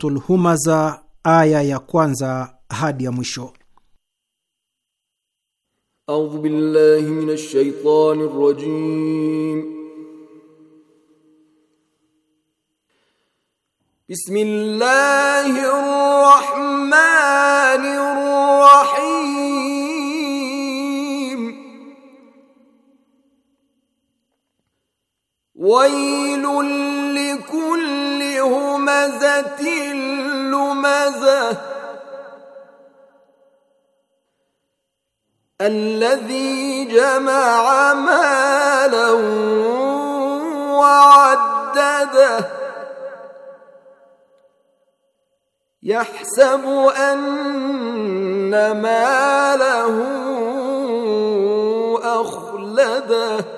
Suratul Humaza aya ya kwanza hadi ya mwisho. A'udhu billahi minash shaitani rajim. Bismillahir rahmanir rahim. Wa همزة لمزة الذي جمع مالا وعدده يحسب أن ماله أخلده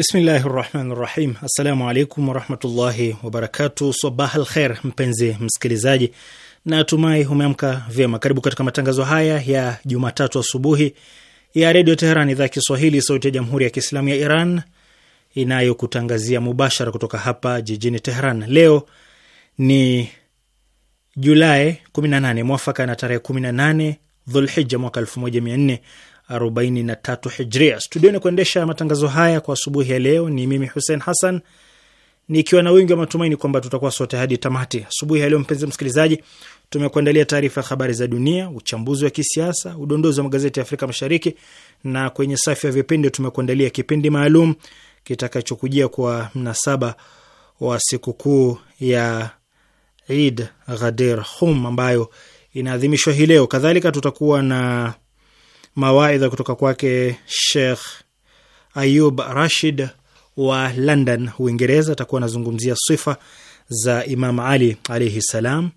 Bismillahi rahmani rahim. Assalamu alaikum warahmatullahi wabarakatu. Sabah al kher, mpenzi msikilizaji, natumai umeamka vyema. Karibu katika matangazo haya ya Jumatatu asubuhi ya Redio Teheran, idhaa ya Kiswahili, sauti ya Jamhuri ya Kiislamu ya Iran inayokutangazia mubashara kutoka hapa jijini Teheran. Leo ni Julai 18 mwafaka na tarehe 18 Dhulhija mwaka 1400 43 hijria. Studioni kuendesha matangazo haya kwa asubuhi ya leo ni mimi Hussein Hassan, nikiwa na wingi wa matumaini kwamba tutakuwa sote hadi tamati. Asubuhi ya leo, mpenzi msikilizaji, tumekuandalia taarifa ya habari za dunia, uchambuzi wa kisiasa, udondozi wa magazeti ya Afrika Mashariki, na kwenye safu ya vipindi tumekuandalia kipindi maalum kitakachokujia kwa mnasaba wa sikukuu ya Eid Ghadir Hum ambayo inaadhimishwa hii leo. Kadhalika tutakuwa na mawaidha kutoka kwake Sheikh Ayub Rashid wa London, Uingereza. Atakuwa anazungumzia sifa za Imam Ali alaihi salam,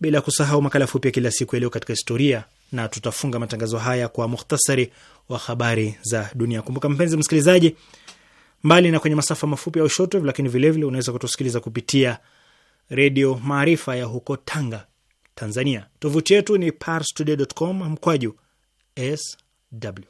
bila kusahau makala fupi ya kila siku yaliyo katika historia, na tutafunga matangazo haya kwa mukhtasari wa habari za dunia. Kumbuka mpenzi msikilizaji, mbali na kwenye masafa mafupi au shortwave, lakini vilevile unaweza kutusikiliza kupitia Redio Maarifa ya huko Tanga, Tanzania. Tovuti yetu ni parstoday.com mkwaju SW.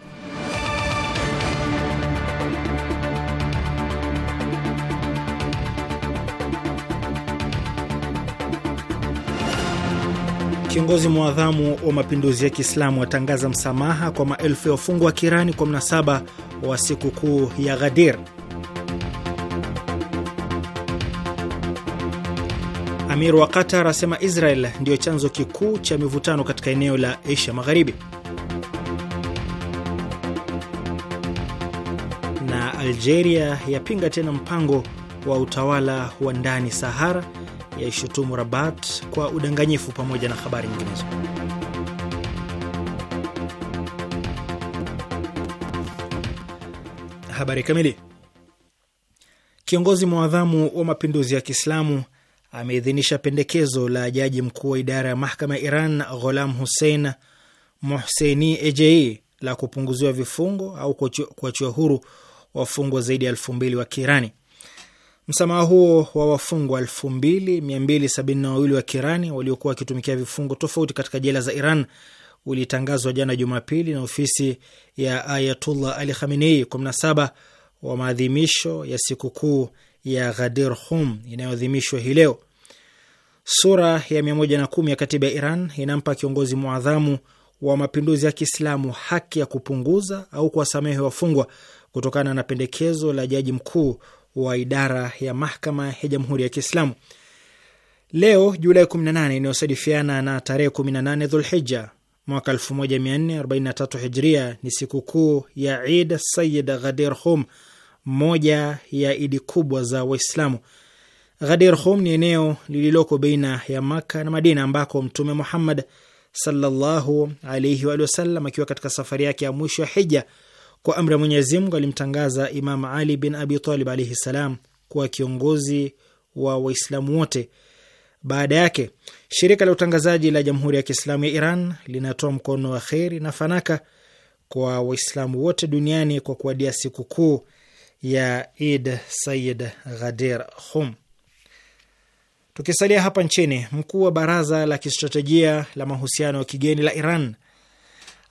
Kiongozi mwadhamu wa mapinduzi ya Kiislamu atangaza msamaha kwa maelfu ya wafungwa wa Kirani kwa mnasaba wa sikukuu ya Ghadir. Amir wa Qatar asema Israel ndiyo chanzo kikuu cha mivutano katika eneo la Asia Magharibi. Na Algeria yapinga tena mpango wa utawala wa ndani Sahara yaishutumu Rabat kwa udanganyifu pamoja na habari nyinginezo. Habari kamili. Kiongozi mwadhamu wa mapinduzi ya Kiislamu ameidhinisha pendekezo la jaji mkuu wa idara ya mahakama ya Iran Gholam Hussein Mohseni Ejei la kupunguziwa vifungo au kuachiwa huru wafungwa zaidi ya elfu mbili wa Kiirani. Msamaha huo wa wafungwa 2272 wa Kirani waliokuwa wakitumikia vifungo tofauti katika jela za Iran ulitangazwa jana Jumapili na ofisi ya Ayatullah Ali Khamenei 17 wa maadhimisho ya sikukuu ya Ghadir Hum inayoadhimishwa hii leo. Sura ya 110 ya katiba ya Iran inampa kiongozi mwadhamu wa mapinduzi ya Kiislamu haki ya kupunguza au kuwasamehe wafungwa kutokana na pendekezo la jaji mkuu wa idara ya mahakama ya Jamhuri ya Kiislamu. Leo Julai 18 inayosadifiana na tarehe 18 Dhulhija mwaka 1443 Hijria ni sikukuu ya Id Sayid Ghadir Hum, moja ya idi kubwa za Waislamu. Ghadir Hum ni eneo lililoko baina ya makka na Madina ambako Mtume Muhammad sallallahu alaihi wa sallam akiwa katika safari yake ya mwisho ya hija kwa amri ya Mwenyezi Mungu alimtangaza Imam Ali bin Abi Talib alaihi salam kuwa kiongozi wa Waislamu wote. Baada yake shirika la utangazaji la Jamhuri ya Kiislamu ya Iran linatoa mkono wa kheri na fanaka kwa Waislamu wote duniani kwa kuadia sikukuu ya Id Sayid Ghadir Hum. Tukisalia hapa nchini, mkuu wa baraza la kistratejia la mahusiano ya kigeni la Iran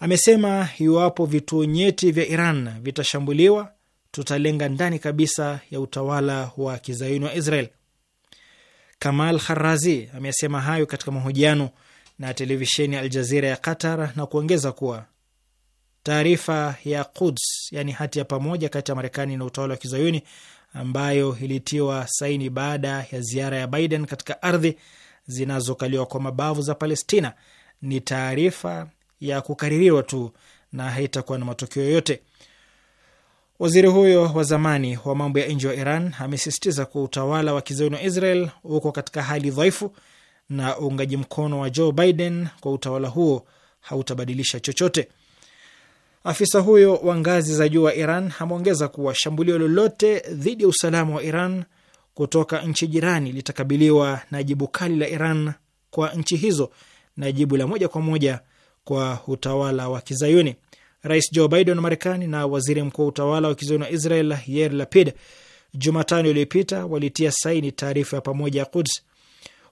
Amesema iwapo vituo nyeti vya Iran vitashambuliwa, tutalenga ndani kabisa ya utawala wa kizayuni wa Israel. Kamal Kharazi amesema hayo katika mahojiano na televisheni ya Aljazira ya Qatar na kuongeza kuwa taarifa ya Quds, yani hati ya pamoja kati ya Marekani na utawala wa kizayuni ambayo ilitiwa saini baada ya ziara ya Biden katika ardhi zinazokaliwa kwa mabavu za Palestina ni taarifa ya kukaririwa tu na haitakuwa na matokeo yoyote. Waziri huyo wa zamani wa mambo ya nje wa Iran amesisitiza kuwa utawala wa kizayuni wa Israel uko katika hali dhaifu na uungaji mkono wa Joe Biden kwa utawala huo hautabadilisha chochote. Afisa huyo wa ngazi za juu wa Iran ameongeza kuwa shambulio lolote dhidi ya usalama wa Iran kutoka nchi jirani litakabiliwa na jibu kali la Iran kwa nchi hizo, na jibu la moja kwa moja kwa utawala wa Kizayuni. Rais Joe Biden wa Marekani na waziri mkuu wa utawala wa Kizayuni wa Israel Yair Lapid Jumatano iliyopita walitia saini taarifa ya pamoja ya Quds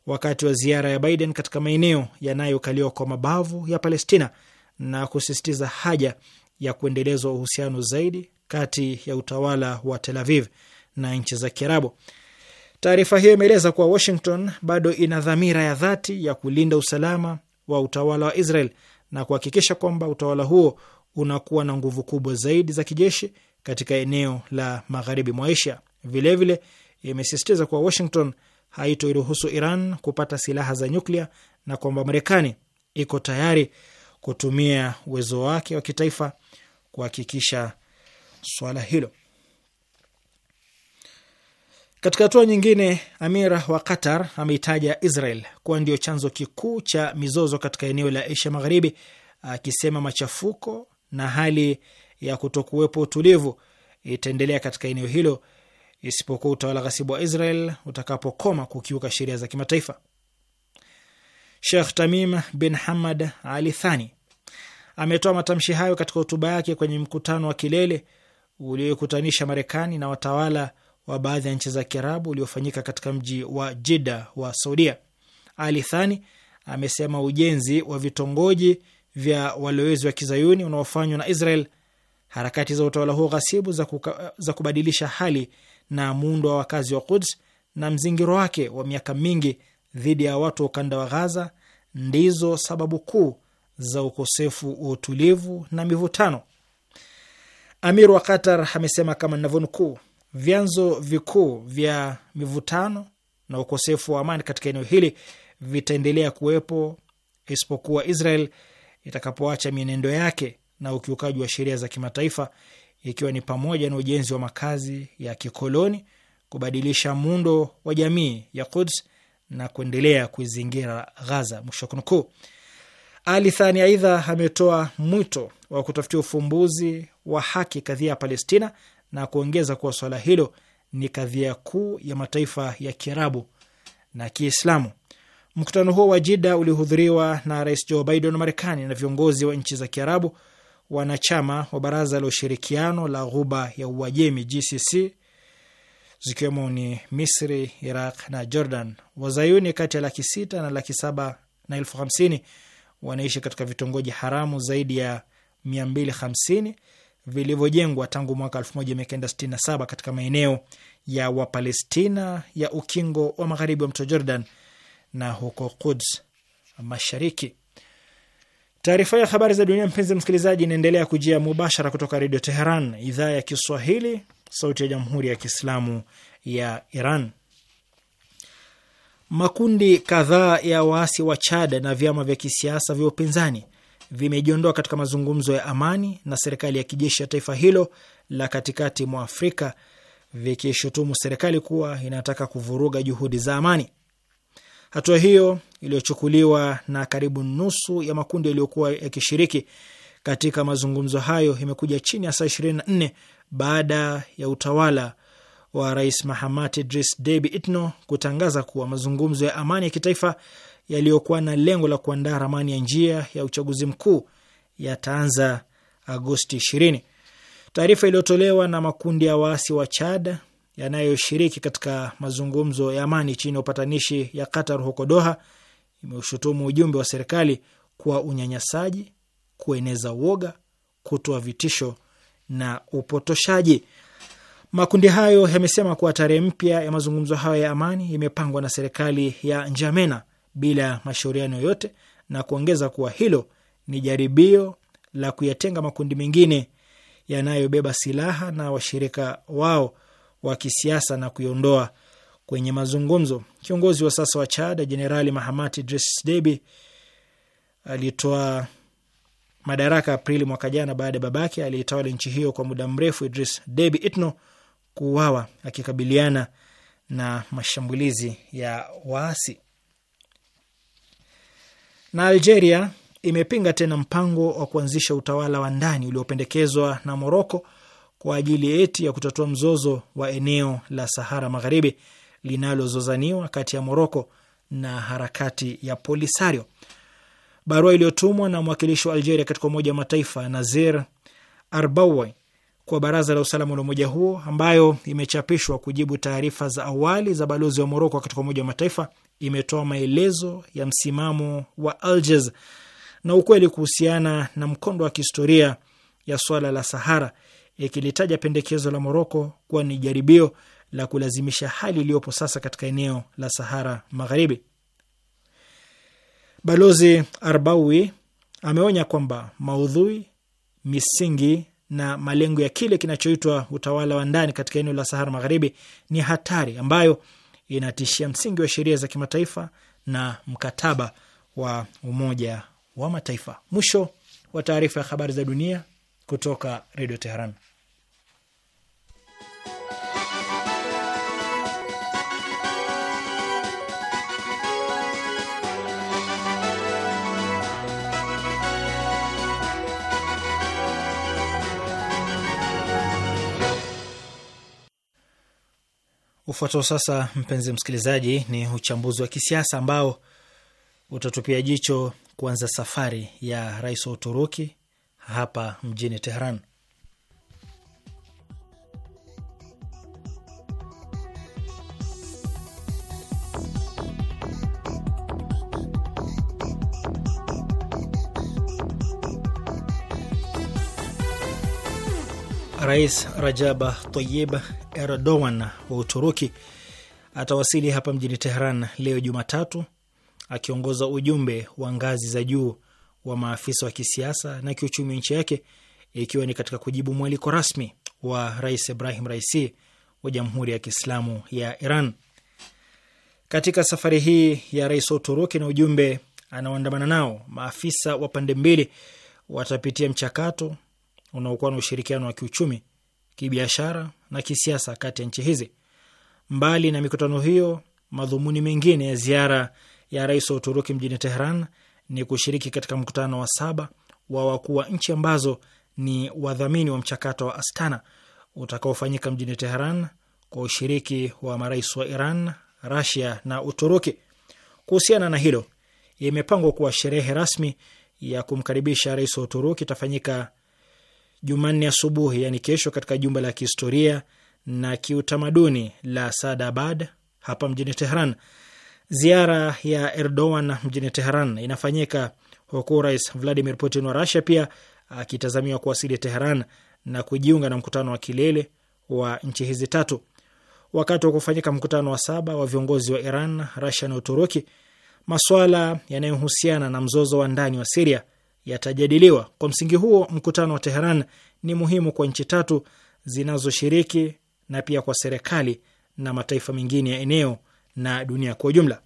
wakati wa ziara ya Biden katika maeneo yanayokaliwa kwa mabavu ya Palestina na kusisitiza haja ya kuendelezwa uhusiano zaidi kati ya utawala wa Tel Aviv na nchi za Kiarabu. Taarifa hiyo imeeleza kuwa Washington bado ina dhamira ya dhati ya kulinda usalama wa utawala wa Israel na kuhakikisha kwamba utawala huo unakuwa na nguvu kubwa zaidi za kijeshi katika eneo la magharibi mwa Asia. Vilevile imesisitiza kuwa Washington haitoiruhusu Iran kupata silaha za nyuklia na kwamba Marekani iko tayari kutumia uwezo wake wa kitaifa kuhakikisha swala hilo. Katika hatua nyingine, Amir wa Qatar ameitaja Israel kuwa ndio chanzo kikuu cha mizozo katika eneo la Asia Magharibi, akisema machafuko na hali ya kutokuwepo utulivu itaendelea katika eneo hilo isipokuwa utawala ghasibu wa Israel utakapokoma kukiuka sheria za kimataifa. Sheikh Tamim bin Hamad Ali Thani ametoa matamshi hayo katika hotuba yake kwenye mkutano wa kilele uliokutanisha Marekani na watawala wa baadhi ya nchi za Kiarabu uliofanyika katika mji wa Jida wa Saudia. Ali Thani amesema ujenzi wa vitongoji vya walowezi wa kizayuni unaofanywa na Israel, harakati za utawala huo ghasibu za, kuka, za kubadilisha hali na muundo wa wakazi wa Quds na mzingiro wake wa miaka mingi dhidi ya watu wa ukanda wa Ghaza ndizo sababu kuu za ukosefu wa utulivu na mivutano. Amir wa Qatar amesema kama ninavyonukuu Vyanzo vikuu vya mivutano na ukosefu wa amani katika eneo hili vitaendelea kuwepo isipokuwa Israel itakapoacha mienendo yake na ukiukaji wa sheria za kimataifa, ikiwa ni pamoja na ujenzi wa makazi ya kikoloni, kubadilisha muundo wa jamii ya Quds na kuendelea kuizingira Ghaza. Mwisho wa kunukuu. Ali Thani aidha ametoa mwito wa kutafutia ufumbuzi wa haki kadhia ya Palestina na kuongeza kuwa swala hilo ni kadhia kuu ya mataifa ya Kiarabu na Kiislamu. Mkutano huo wa Jida ulihudhuriwa na Rais Joe Biden wa Marekani na viongozi wa nchi za Kiarabu wanachama wa Baraza la Ushirikiano la Ghuba ya Uajemi GCC zikiwemo ni Misri, Iraq na Jordan. Wazayuni kati ya laki sita na laki saba na elfu hamsini wanaishi katika vitongoji haramu zaidi ya mia mbili hamsini vilivyojengwa tangu mwaka 1967 katika maeneo ya Wapalestina ya ukingo wa magharibi wa mto Jordan na huko Quds Mashariki. Taarifa ya habari za dunia, mpenzi msikilizaji, inaendelea kujia mubashara kutoka Redio Teheran, idhaa ya Kiswahili, sauti ya Jamhuri ya Kiislamu ya Iran. Makundi kadhaa ya waasi wa Chad na vyama vya kisiasa vya upinzani vimejiondoa katika mazungumzo ya amani na serikali ya kijeshi ya taifa hilo la katikati mwa Afrika, vikishutumu serikali kuwa inataka kuvuruga juhudi za amani. Hatua hiyo iliyochukuliwa na karibu nusu ya makundi yaliyokuwa yakishiriki katika mazungumzo hayo imekuja chini ya saa 24 baada ya utawala wa Rais Mahamat Idris Deby Itno kutangaza kuwa mazungumzo ya amani ya kitaifa yaliyokuwa na lengo la kuandaa ramani ya njia ya uchaguzi mkuu yataanza Agosti 20. Taarifa iliyotolewa na makundi ya waasi wa Chad yanayoshiriki katika mazungumzo ya amani chini ya upatanishi ya Qatar huko Doha imeushutumu ujumbe wa serikali kwa unyanyasaji, kueneza uoga, kutoa vitisho na upotoshaji. Makundi hayo yamesema kuwa tarehe mpya ya mazungumzo hayo ya amani imepangwa na serikali ya Njamena bila mashauriano yoyote, na kuongeza kuwa hilo ni jaribio la kuyatenga makundi mengine yanayobeba silaha na washirika wao wa kisiasa na kuiondoa kwenye mazungumzo. Kiongozi wa sasa wa Chad Jenerali Mahamat Idriss Deby alitoa madaraka Aprili mwaka jana baada ya babake aliyetawala nchi hiyo kwa muda mrefu Idris Deby Itno kuuawa akikabiliana na mashambulizi ya waasi. Na Algeria imepinga tena mpango wa kuanzisha utawala wa ndani uliopendekezwa na Moroko kwa ajili eti ya kutatua mzozo wa eneo la Sahara Magharibi linalozozaniwa kati ya Moroko na harakati ya Polisario. Barua iliyotumwa na mwakilishi wa Algeria katika Umoja wa Mataifa Nazir Arbawi kwa Baraza la Usalama la umoja huo ambayo imechapishwa kujibu taarifa za awali za balozi wa Moroko katika Umoja wa Mataifa imetoa maelezo ya msimamo wa alges na ukweli kuhusiana na mkondo wa kihistoria ya swala la Sahara, ikilitaja pendekezo la Moroko kuwa ni jaribio la kulazimisha hali iliyopo sasa katika eneo la Sahara Magharibi. Balozi Arbawi ameonya kwamba maudhui, misingi na malengo ya kile kinachoitwa utawala wa ndani katika eneo la Sahara Magharibi ni hatari ambayo inatishia msingi wa sheria za kimataifa na mkataba wa Umoja wa Mataifa. Mwisho wa taarifa ya habari za dunia kutoka Redio Teheran. Ufuatao sasa, mpenzi msikilizaji, ni uchambuzi wa kisiasa ambao utatupia jicho kuanza safari ya rais wa Uturuki hapa mjini Tehran. Rais rajab Tayyib Erdogan wa Uturuki atawasili hapa mjini Tehran leo Jumatatu, akiongoza ujumbe wa ngazi za juu wa maafisa wa kisiasa na kiuchumi nchi yake, ikiwa ni katika kujibu mwaliko rasmi wa Rais Ibrahim Raisi wa Jamhuri ya Kiislamu ya Iran. Katika safari hii ya rais wa Uturuki na ujumbe anaoandamana nao, maafisa wa pande mbili watapitia mchakato unaokuwa na ushirikiano wa kiuchumi, kibiashara na kisiasa kati ya nchi hizi. Mbali na mikutano hiyo, madhumuni mengine ya ziara ya rais wa Uturuki mjini Tehran ni kushiriki katika mkutano wa saba wa wakuu wa nchi ambazo ni wadhamini wa mchakato wa Astana utakaofanyika mjini Teheran kwa ushiriki wa marais wa Iran, Rasia na Uturuki. Kuhusiana na hilo, imepangwa kuwa sherehe rasmi ya kumkaribisha rais wa Uturuki itafanyika Jumanne asubuhi, yani kesho, katika jumba la kihistoria na kiutamaduni la Sadabad hapa mjini Tehran. Ziara ya Erdogan mjini Tehran inafanyika huku Rais Vladimir Putin wa rasia pia akitazamiwa kuwasili Tehran na kujiunga na mkutano wa kilele wa nchi hizi tatu. Wakati wa kufanyika mkutano wa saba wa viongozi wa Iran, rasia na Uturuki, maswala yanayohusiana na mzozo wa ndani wa Siria yatajadiliwa. Kwa msingi huo, mkutano wa Teheran ni muhimu kwa nchi tatu zinazoshiriki na pia kwa serikali na mataifa mengine ya eneo na dunia kwa ujumla.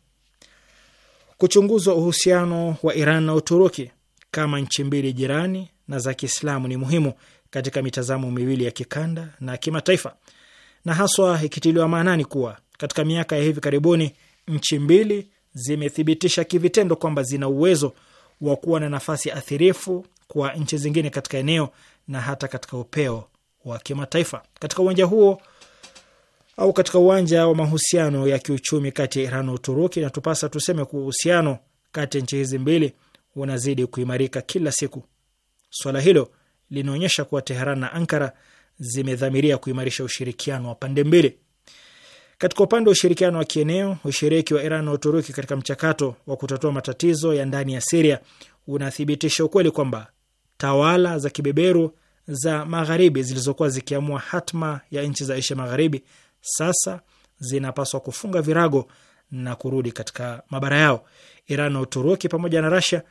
Kuchunguzwa uhusiano wa Iran na Uturuki kama nchi mbili jirani na za Kiislamu ni muhimu katika mitazamo miwili ya kikanda na kimataifa, na haswa ikitiliwa maanani kuwa katika miaka ya hivi karibuni nchi mbili zimethibitisha kivitendo kwamba zina uwezo wa kuwa na nafasi athirifu kwa nchi zingine katika eneo na hata katika upeo wa kimataifa. Katika uwanja huo au katika uwanja wa mahusiano ya kiuchumi kati ya Iran na Uturuki, tupasa tuseme kuwa uhusiano kati ya nchi hizi mbili unazidi kuimarika kila siku. Swala hilo linaonyesha kuwa Teheran na Ankara zimedhamiria kuimarisha ushirikiano wa pande mbili. Katika upande wa ushirikiano wa kieneo, ushiriki wa Iran na Uturuki katika mchakato wa kutatua matatizo ya ndani ya Siria unathibitisha ukweli kwamba tawala za kibeberu za magharibi zilizokuwa zikiamua hatma ya nchi za Asia Magharibi sasa zinapaswa kufunga virago na kurudi katika mabara yao. Iran na Uturuki pamoja na Rasia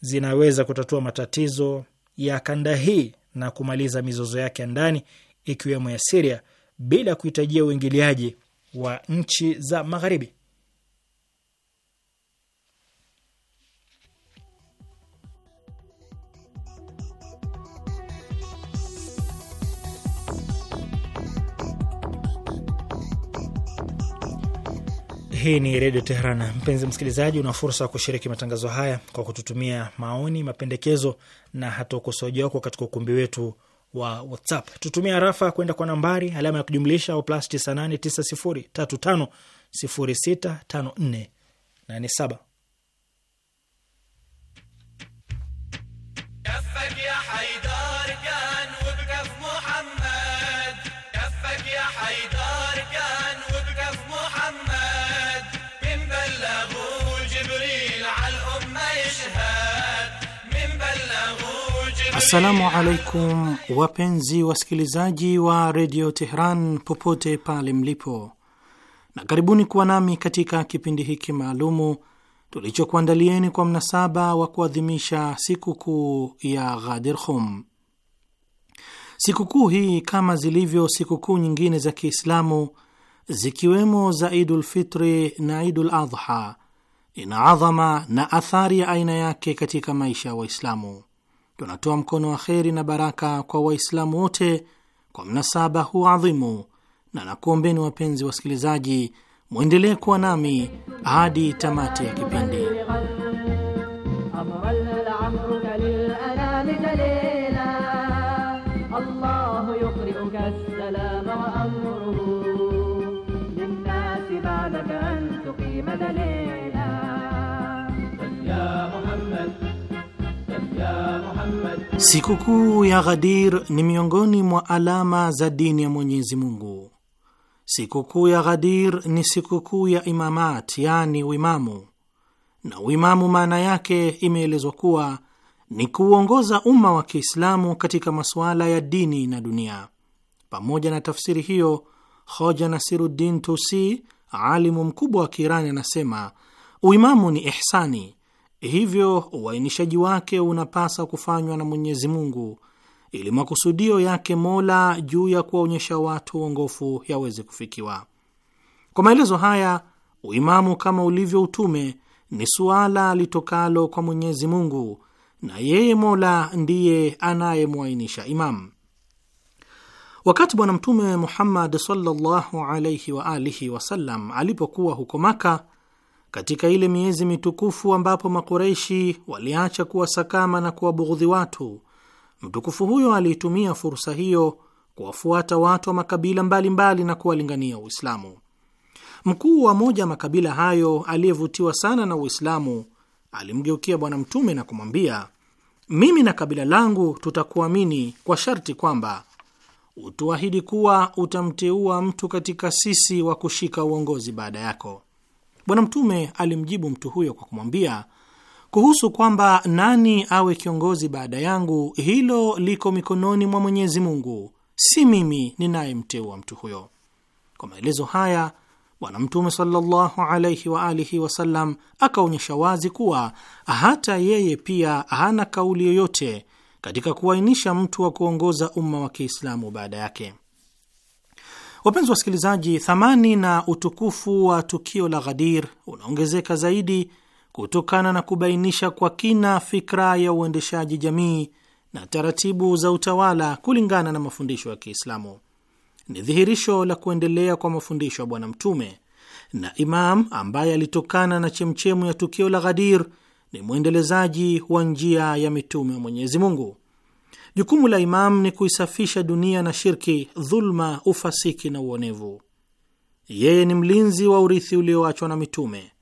zinaweza kutatua matatizo ya kanda hii na kumaliza mizozo yake ya ndani ikiwemo ya Siria bila kuhitajia uingiliaji wa nchi za Magharibi. Hii ni Redio Teheran. Mpenzi msikilizaji, una fursa ya kushiriki matangazo haya kwa kututumia maoni, mapendekezo na hata ukosoaji wako katika ukumbi wetu wa WhatsApp. Tutumia harafa kwenda kwa nambari alama ya kujumlisha plas sifuri tatu tano sita tano nne nane saba Assalamu alaikum wapenzi wasikilizaji wa redio Tehran popote pale mlipo, na karibuni kuwa nami katika kipindi hiki maalumu tulichokuandalieni kwa mnasaba wa kuadhimisha sikukuu ya Ghadir Khum. Sikukuu hii kama zilivyo sikukuu nyingine za Kiislamu zikiwemo za Idul Fitri na Idul Adha ina adhama na athari ya aina yake katika maisha ya wa Waislamu tunatoa mkono wa kheri na baraka kwa Waislamu wote kwa mnasaba huu adhimu, na nakuombeni wapenzi wasikilizaji, mwendelee kuwa nami hadi tamati ya kipindi. Sikukuu ya Ghadir ni miongoni mwa alama za dini ya Mwenyezi Mungu. Sikukuu ya Ghadir ni sikukuu ya imamat, yani uimamu, na uimamu maana yake imeelezwa kuwa ni kuuongoza umma wa Kiislamu katika masuala ya dini na dunia. Pamoja na tafsiri hiyo, hoja Nasiruddin Tusi, alimu mkubwa wa Kiirani, anasema uimamu ni ihsani Hivyo uainishaji wake unapasa kufanywa na Mwenyezi Mungu ili makusudio yake Mola juu ya kuwaonyesha watu uongofu yaweze kufikiwa. Kwa maelezo haya, uimamu kama ulivyo utume ni suala litokalo kwa Mwenyezi Mungu na yeye Mola ndiye anayemwainisha imamu. Wakati Bwana Mtume Muhammad sallallahu alaihi wa alihi wasallam alipokuwa huko Maka, katika ile miezi mitukufu ambapo Makureishi waliacha kuwasakama na kuwabughudhi watu, mtukufu huyo aliitumia fursa hiyo kuwafuata watu wa makabila mbalimbali mbali na kuwalingania Uislamu. Mkuu wa moja makabila hayo aliyevutiwa sana na Uislamu alimgeukia Bwana Mtume na kumwambia, mimi na kabila langu tutakuamini kwa sharti kwamba utuahidi kuwa utamteua mtu katika sisi wa kushika uongozi baada yako. Bwana Mtume alimjibu mtu huyo kwa kumwambia, kuhusu kwamba nani awe kiongozi baada yangu, hilo liko mikononi mwa Mwenyezi Mungu, si mimi ninayemteua mtu huyo. Kwa maelezo haya Bwana Mtume sallallahu alaihi wa alihi wasallam akaonyesha wazi kuwa hata yeye pia hana kauli yoyote katika kuainisha mtu wa kuongoza umma wa Kiislamu baada yake. Wapenzi wasikilizaji, thamani na utukufu wa tukio la Ghadir unaongezeka zaidi kutokana na kubainisha kwa kina fikra ya uendeshaji jamii na taratibu za utawala kulingana na mafundisho ya Kiislamu. Ni dhihirisho la kuendelea kwa mafundisho ya Bwana Mtume na Imam ambaye alitokana na chemchemu ya tukio la Ghadir. Ni mwendelezaji wa njia ya mitume wa Mwenyezi Mungu. Jukumu la imam ni kuisafisha dunia na shirki, dhulma, ufasiki na uonevu. Yeye ni mlinzi wa urithi ulioachwa na mitume.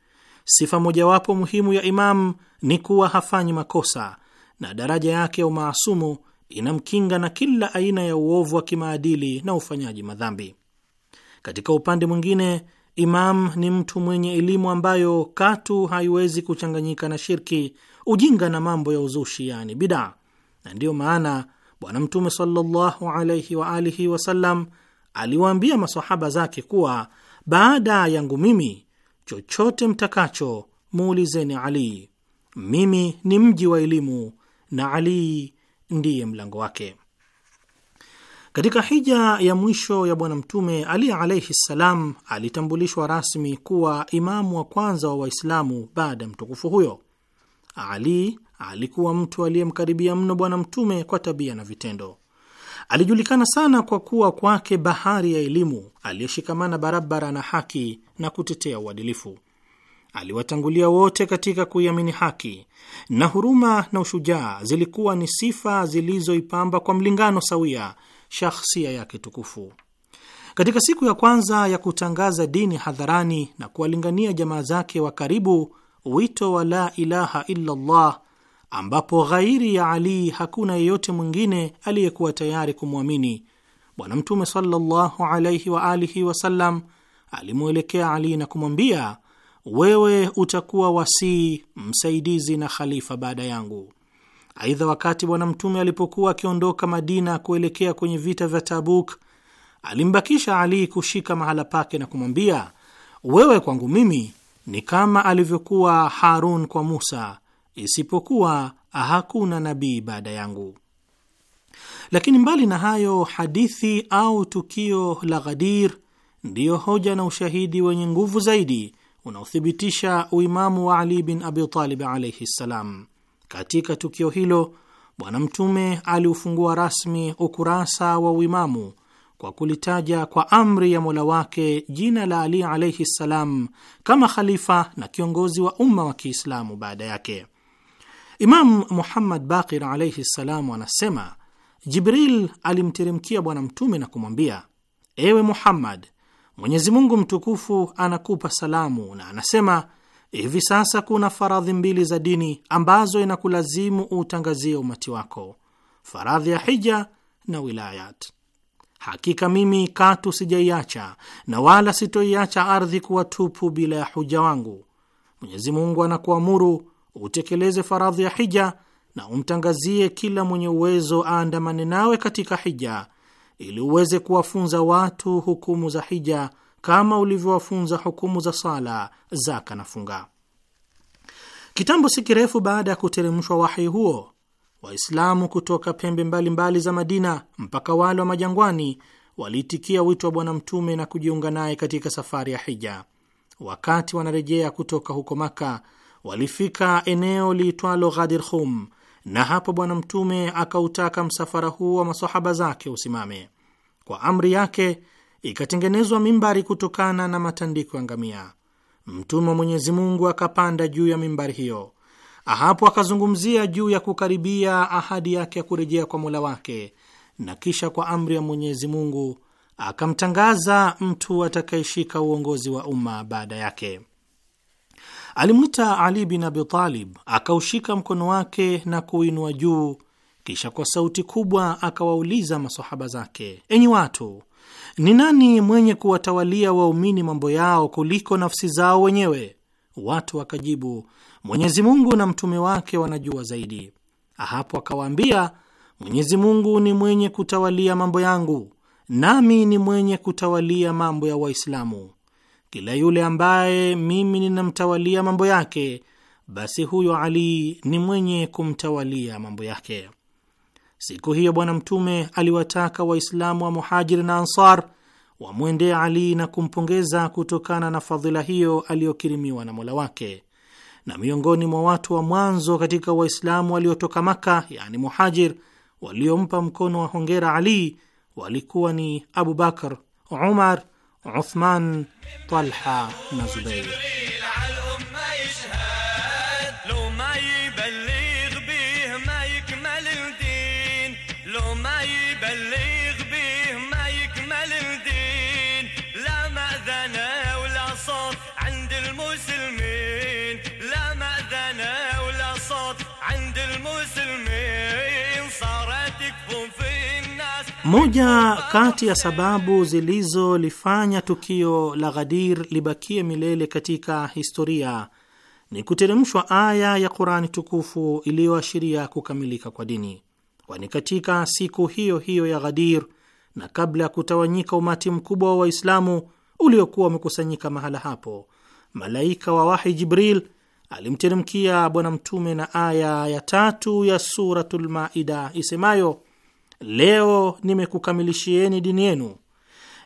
Sifa mojawapo muhimu ya imam ni kuwa hafanyi makosa, na daraja yake ya umaasumu inamkinga na kila aina ya uovu wa kimaadili na ufanyaji madhambi. Katika upande mwingine, imam ni mtu mwenye elimu ambayo katu haiwezi kuchanganyika na shirki, ujinga na mambo ya uzushi, yani bidaa na ndiyo maana Bwana Mtume sallallahu alaihi wa alihi wasallam aliwaambia masahaba zake kuwa baada yangu mimi chochote mtakacho muulizeni Ali, mimi ni mji wa elimu na Ali ndiye mlango wake. Katika hija ya mwisho ya Bwana Mtume, Ali alaihi ssalam alitambulishwa rasmi kuwa imamu wa kwanza wa Waislamu baada ya mtukufu huyo. Ali alikuwa mtu aliyemkaribia mno Bwana Mtume kwa tabia na vitendo. Alijulikana sana kwa kuwa kwake bahari ya elimu, aliyeshikamana barabara na haki na kutetea uadilifu. Aliwatangulia wote katika kuiamini haki, na huruma na ushujaa zilikuwa ni sifa zilizoipamba kwa mlingano sawia shahsia yake tukufu. Katika siku ya kwanza ya kutangaza dini hadharani na kuwalingania jamaa zake wa karibu, wito wa la ilaha illallah ambapo ghairi ya Ali hakuna yeyote mwingine aliyekuwa tayari kumwamini. Bwana Mtume sallallahu alaihi wa alihi wasallam alimwelekea Ali na kumwambia, wewe utakuwa wasii, msaidizi na khalifa baada yangu. Aidha, wakati Bwana Mtume alipokuwa akiondoka Madina kuelekea kwenye vita vya Tabuk, alimbakisha Ali kushika mahala pake na kumwambia, wewe kwangu mimi ni kama alivyokuwa Harun kwa Musa isipokuwa hakuna nabii baada yangu. Lakini mbali na hayo, hadithi au tukio la Ghadir ndiyo hoja na ushahidi wenye nguvu zaidi unaothibitisha uimamu wa Ali bin Abi Talib alaihi ssalam. Katika tukio hilo Bwana Mtume aliufungua rasmi ukurasa wa uimamu kwa kulitaja kwa amri ya Mola wake jina la Ali alaihi ssalam kama khalifa na kiongozi wa umma wa Kiislamu baada yake imam Muhammad Baqir alaihi ssalam anasema Jibril alimteremkia Bwana Mtume na kumwambia, ewe Muhammad, Mwenyezi Mungu mtukufu anakupa salamu na anasema hivi sasa kuna faradhi mbili za dini ambazo inakulazimu uutangazie umati wako, faradhi ya hija na wilayat. Hakika mimi katu sijaiacha na wala sitoiacha ardhi kuwa tupu bila ya huja wangu. Mwenyezi Mungu anakuamuru utekeleze faradhi ya hija na umtangazie kila mwenye uwezo aandamane nawe katika hija, ili uweze kuwafunza watu hukumu za hija kama ulivyowafunza hukumu za sala, zaka na funga. Kitambo si kirefu baada ya kuteremshwa wahi huo, Waislamu kutoka pembe mbalimbali mbali za Madina mpaka wale wa majangwani waliitikia wito wa Bwana Mtume na kujiunga naye katika safari ya hija. Wakati wanarejea kutoka huko Maka, walifika eneo liitwalo Ghadir Khum, na hapo Bwana Mtume akautaka msafara huu wa masahaba zake usimame. Kwa amri yake ikatengenezwa mimbari kutokana na matandiko ya ngamia. Mtume wa Mwenyezi Mungu akapanda juu ya mimbari hiyo. Hapo akazungumzia juu ya kukaribia ahadi yake ya kurejea kwa Mola wake, na kisha kwa amri ya Mwenyezi Mungu akamtangaza mtu atakayeshika uongozi wa umma baada yake. Alimwita Ali bin Abi Talib, akaushika mkono wake na kuinua juu, kisha kwa sauti kubwa akawauliza masahaba zake, enyi watu, ni nani mwenye kuwatawalia waumini mambo yao kuliko nafsi zao wenyewe? Watu wakajibu, Mwenyezi Mungu na mtume wake wanajua zaidi. Hapo akawaambia, Mwenyezi Mungu ni mwenye kutawalia mambo yangu, nami ni mwenye kutawalia mambo ya Waislamu kila yule ambaye mimi ninamtawalia mambo yake, basi huyo Ali ni mwenye kumtawalia mambo yake. Siku hiyo Bwana Mtume aliwataka Waislamu wa Muhajiri na Ansar wamwendee Ali na kumpongeza kutokana na fadhila hiyo aliyokirimiwa na mola wake. Na miongoni mwa watu wa mwanzo katika Waislamu waliotoka Maka, yani Muhajir, waliompa mkono wa hongera Ali walikuwa ni Abubakar, Umar عثمان طلحة مزبير Moja kati ya sababu zilizolifanya tukio la Ghadir libakie milele katika historia ni kuteremshwa aya ya Qurani tukufu iliyoashiria kukamilika kwa dini, kwani katika siku hiyo hiyo ya Ghadir na kabla ya kutawanyika umati mkubwa wa Waislamu uliokuwa umekusanyika mahala hapo, malaika wa wahi Jibril alimteremkia Bwana Mtume na aya ya tatu ya Suratul Maida isemayo leo nimekukamilishieni dini yenu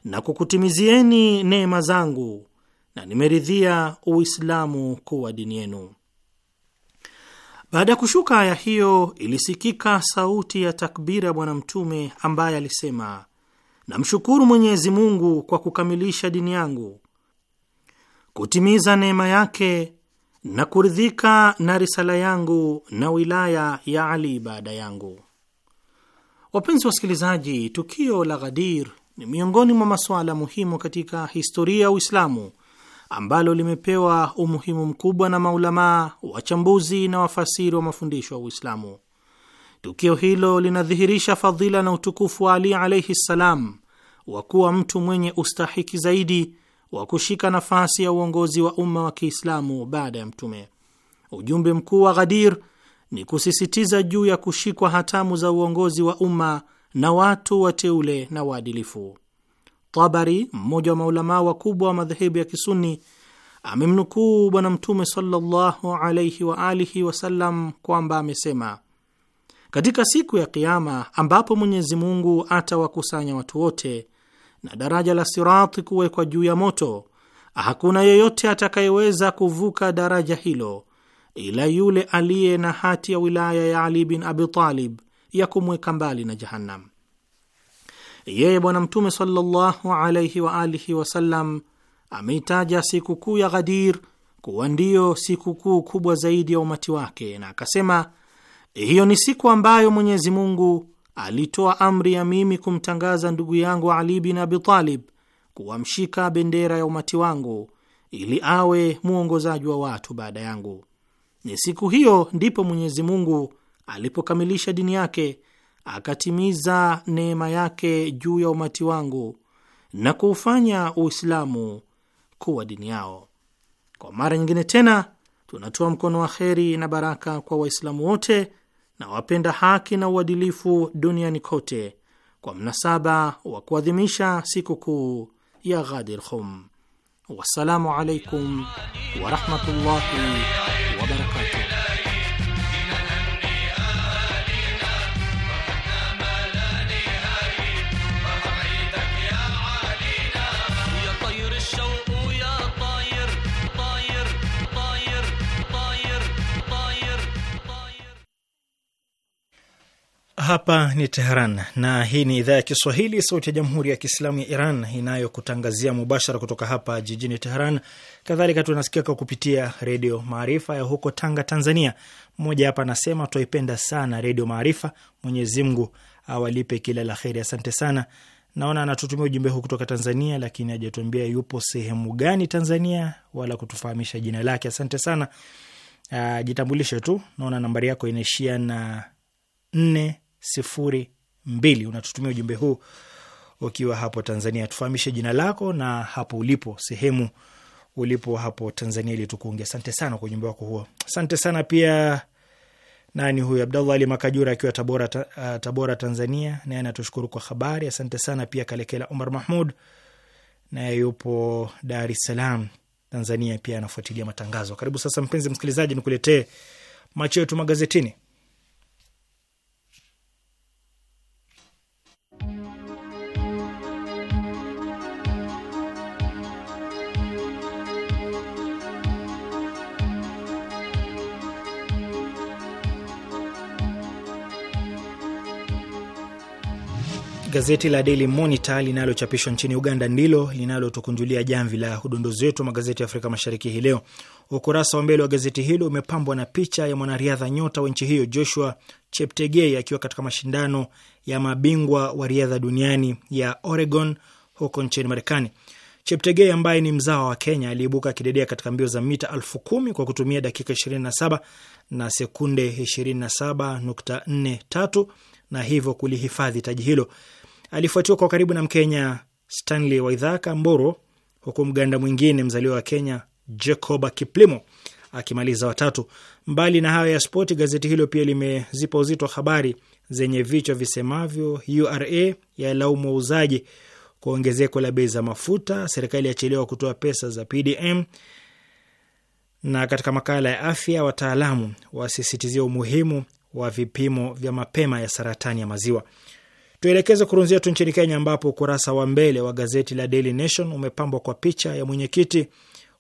na kukutimizieni neema zangu na nimeridhia Uislamu kuwa dini yenu. Baada ya kushuka aya hiyo, ilisikika sauti ya takbira ya Bwana Mtume ambaye alisema, namshukuru Mwenyezi Mungu kwa kukamilisha dini yangu, kutimiza neema yake na kuridhika na risala yangu na wilaya ya Ali baada yangu. Wapenzi wasikilizaji, tukio la Ghadir ni miongoni mwa masuala muhimu katika historia ya Uislamu ambalo limepewa umuhimu mkubwa na maulamaa, wachambuzi na wafasiri wa mafundisho ya Uislamu. Tukio hilo linadhihirisha fadhila na utukufu wa Ali alaihi ssalam wa kuwa mtu mwenye ustahiki zaidi wa kushika nafasi ya uongozi wa umma wa Kiislamu baada ya Mtume. Ujumbe mkuu wa Ghadir ni kusisitiza juu ya kushikwa hatamu za uongozi wa umma na watu wateule na waadilifu. Tabari, mmoja wa maulamaa wakubwa wa madhehebu ya Kisuni, amemnukuu Bwana Mtume sallallahu alaihi wa alihi wasallam kwamba amesema, katika siku ya Kiama ambapo Mwenyezi Mungu atawakusanya watu wote na daraja la sirati kuwekwa juu ya moto, hakuna yeyote atakayeweza kuvuka daraja hilo ila yule aliye na hati ya wilaya ya Ali bin Abi Talib ya kumweka mbali na Jahannam. Yeye Bwana Mtume sallallahu alaihi wa alihi wasallam ameitaja sikukuu ya Ghadir kuwa ndiyo sikukuu kubwa zaidi ya umati wake, na akasema hiyo ni siku ambayo Mwenyezi Mungu alitoa amri ya mimi kumtangaza ndugu yangu Ali bin Abi Talib kuwamshika bendera ya umati wangu ili awe mwongozaji wa watu baada yangu. Ni siku hiyo ndipo Mwenyezi Mungu alipokamilisha dini yake akatimiza neema yake juu ya umati wangu na kuufanya Uislamu kuwa dini yao. Kwa mara nyingine tena tunatoa mkono wa kheri na baraka kwa Waislamu wote na wapenda haki na uadilifu duniani kote kwa mnasaba wa kuadhimisha sikukuu ya Ghadir Khum. Wassalamu alaikum warahmatullahi وبركاته Hapa ni Teheran na hii ni idhaa ya Kiswahili, sauti ya jamhuri ya kiislamu ya Iran inayokutangazia mubashara kutoka hapa jijini Teheran. Kadhalika tunasikika kupitia Redio Maarifa ya huko Tanga, Tanzania. Mmoja hapa anasema twaipenda sana Redio Maarifa, Mwenyezi Mungu awalipe kila la heri. Asante sana. Naona anatutumia ujumbe huu kutoka Tanzania, lakini hajatuambia yupo sehemu gani Tanzania wala kutufahamisha jina lake. Asante sana. Uh, jitambulishe tu. Naona nambari yako inaishia na nne sifuri mbili. Unatutumia ujumbe huu ukiwa hapo Tanzania, tufahamishe jina lako na hapo ulipo, sehemu ulipo hapo Tanzania ili tukuunge. Asante sana kwa ujumbe wako huo, asante sana pia. Nani huyu? Abdallah Ali Makajura akiwa Tabora, ta, uh, Tabora Tanzania, naye anatushukuru kwa habari. Asante sana pia. Kalekela Umar Mahmud naye yupo Dar es Salaam Tanzania, pia anafuatilia matangazo. Karibu sasa, mpenzi msikilizaji, nikuletee macho yetu magazetini. Gazeti la Daily Monitor linalochapishwa nchini Uganda ndilo linalotukunjulia jamvi la udondozi wetu wa magazeti ya Afrika Mashariki hii leo. Ukurasa wa mbele wa gazeti hilo umepambwa na picha ya mwanariadha nyota wa nchi hiyo Joshua Cheptegei akiwa katika mashindano ya mabingwa wa riadha duniani ya Oregon huko nchini Marekani. Cheptegei ambaye ni mzawa wa Kenya aliibuka akidedea katika mbio za mita elfu kumi kwa kutumia dakika 27 na sekunde 27.43 na hivyo kulihifadhi taji hilo. Alifuatiwa kwa karibu na Mkenya Stanley waidhaka mboro huku Mganda mwingine mzaliwa wa Kenya Jacoba Kiplimo akimaliza watatu. Mbali na hayo ya spoti, gazeti hilo pia limezipa uzito habari zenye vichwa visemavyo: URA laumu wauzaji kwa ongezeko la bei za mafuta, serikali yachelewa kutoa pesa za PDM, na katika makala ya afya wataalamu wasisitizia umuhimu wa vipimo vya mapema ya saratani ya maziwa. Tuelekeze kurunzi yetu nchini Kenya, ambapo ukurasa wa mbele wa gazeti la Daily Nation umepambwa kwa picha ya mwenyekiti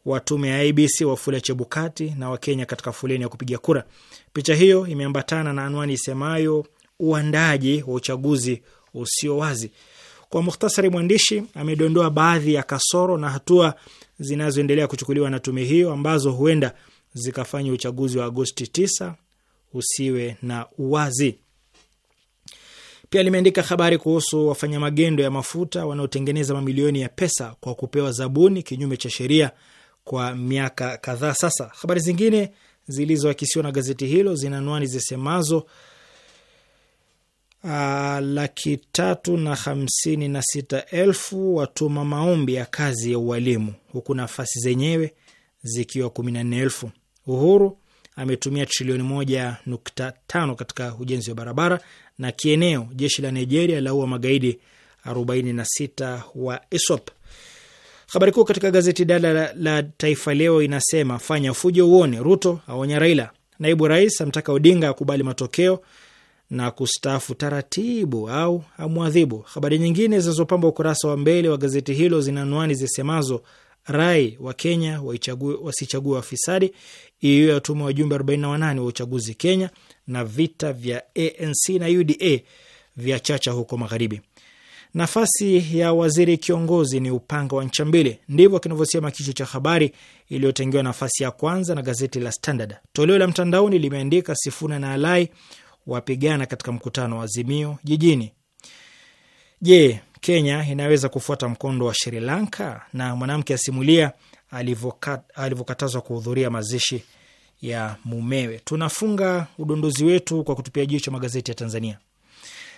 wa tume ya IBC Wafula Chebukati na Wakenya katika foleni ya kupiga kura. Picha hiyo imeambatana na anwani isemayo uandaji wa uchaguzi usio wazi. Kwa muhtasari, mwandishi amedondoa baadhi ya kasoro na hatua zinazoendelea kuchukuliwa na tume hiyo ambazo huenda zikafanya uchaguzi wa Agosti 9 usiwe na uwazi. Pia limeandika habari kuhusu wafanya magendo ya mafuta wanaotengeneza mamilioni ya pesa kwa kupewa zabuni kinyume cha sheria kwa miaka kadhaa sasa. Habari zingine zilizoakisiwa na gazeti hilo zina anwani zisemazo Uh, laki tatu na hamsini na sita elfu watuma maombi ya kazi ya ualimu huku nafasi zenyewe zikiwa kumi na nne elfu. Uhuru ametumia trilioni moja nukta tano katika ujenzi wa barabara na kieneo, jeshi la Nigeria laua magaidi 46 wa ISWAP. Habari kuu katika gazeti dada la, la Taifa Leo inasema fanya fujo uone, Ruto aonya Raila, naibu rais amtaka Odinga akubali matokeo na kustaafu taratibu au amwadhibu. Habari nyingine zinazopamba ukurasa wa mbele wa gazeti hilo zina anwani zisemazo rai wa Kenya wasichague wafisadi, EU yatuma wajumbe 48 wa uchaguzi Kenya, na vita vya ANC na UDA vya chacha huko magharibi. Nafasi ya waziri kiongozi ni upanga wa ncha mbili, ndivyo kinavyosema kichwa cha habari iliyotengewa nafasi ya kwanza na gazeti la Standard. Toleo la mtandaoni limeandika Sifuna na Alai wapigana katika mkutano wa Azimio jijini. Je, Kenya inaweza kufuata mkondo wa Sri Lanka? Na mwanamke asimulia alivyokatazwa kuhudhuria mazishi ya mumewe. Tunafunga udondozi wetu kwa kutupia jicho magazeti ya Tanzania,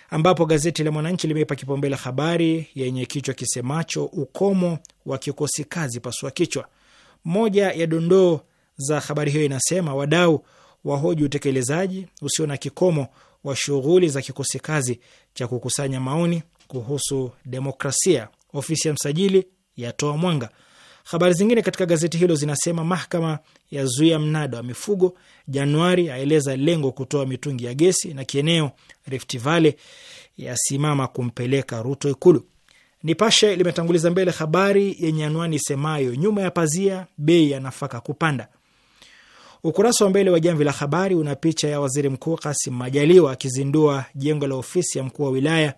ambapo gazeti la Mwananchi limeipa kipaumbele habari yenye kichwa kisemacho ukomo wa kikosi kazi pasua kichwa. Moja ya dondoo za habari hiyo inasema wadau wahoji utekelezaji usio na kikomo wa shughuli za kikosi kazi cha kukusanya maoni kuhusu demokrasia. Ofisi ya msajili yatoa mwanga Habari zingine katika gazeti hilo zinasema mahakama zuia mnada wa mifugo Januari, aeleza lengo kutoa mitungi ya gesi, na kieneo Rift Valley yasimama kumpeleka Ruto Ikulu. Nipashe limetanguliza mbele habari yenye anwani semayo nyuma ya pazia bei ya nafaka kupanda. Ukurasa wa mbele wa Jamvi la Habari una picha ya Waziri Mkuu Kasim Majaliwa akizindua jengo la ofisi ya mkuu wa wilaya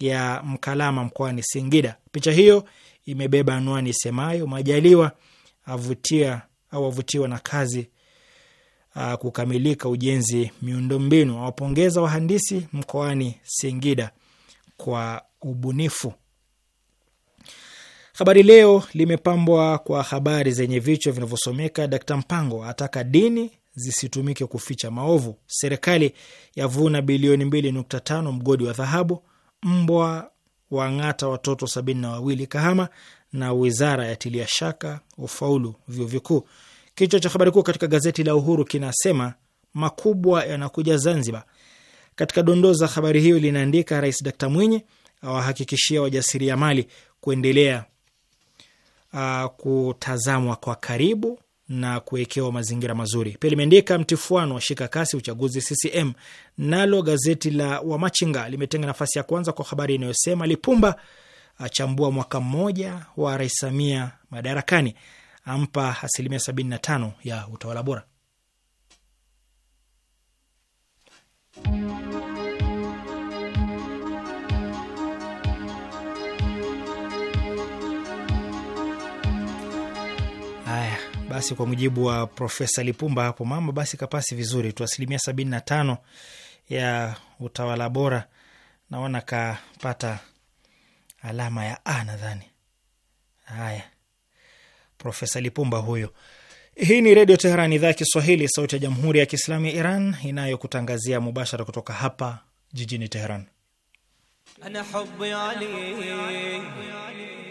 ya Mkalama mkoani Singida. Picha hiyo imebeba anwani semayo Majaliwa avutia au avutiwa na kazi a, ah, kukamilika ujenzi miundombinu, awapongeza wahandisi mkoani Singida kwa ubunifu. Habari Leo limepambwa kwa habari zenye vichwa vinavyosomeka: Dkt Mpango ataka dini zisitumike kuficha maovu, serikali yavuna bilioni mbili mgodi wa dhahabu, mbwa wang'ata watoto sabini na wawili Kahama, na wizara yatilia shaka ufaulu vyuo vikuu. Kichwa cha habari kuu katika gazeti la Uhuru kinasema makubwa yanakuja Zanzibar. Katika dondoo za habari hiyo linaandika Rais Dkt Mwinyi awahakikishia wajasiriamali kuendelea uh, kutazamwa kwa karibu na kuwekewa mazingira mazuri. Pia limeandika mtifuano wa shika kasi uchaguzi CCM. Nalo gazeti la Wamachinga limetenga nafasi ya kwanza kwa habari inayosema Lipumba achambua mwaka mmoja wa Rais Samia madarakani, ampa asilimia tano ya utawala bora. basi kwa mujibu wa Profesa Lipumba hapo mama, basi kapasi vizuri tu asilimia sabini na tano ya utawala bora, naona kapata alama ya A nadhani. Haya, Profesa Lipumba huyo. Hii ni Redio Teheran, idhaa ya Kiswahili, sauti ya Jamhuri ya Kiislamu ya Iran inayokutangazia mubashara kutoka hapa jijini Teheran. Ana hubbi Ali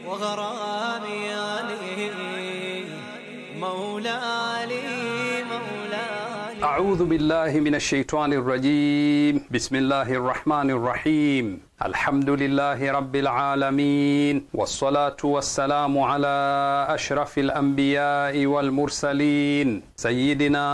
wa gharami Ali أعوذ بالله من الشيطان الرجيم بسم الله الرحمن الرحيم الحمد لله رب العالمين والصلاة والسلام على أشرف الأنبياء والمرسلين سيدنا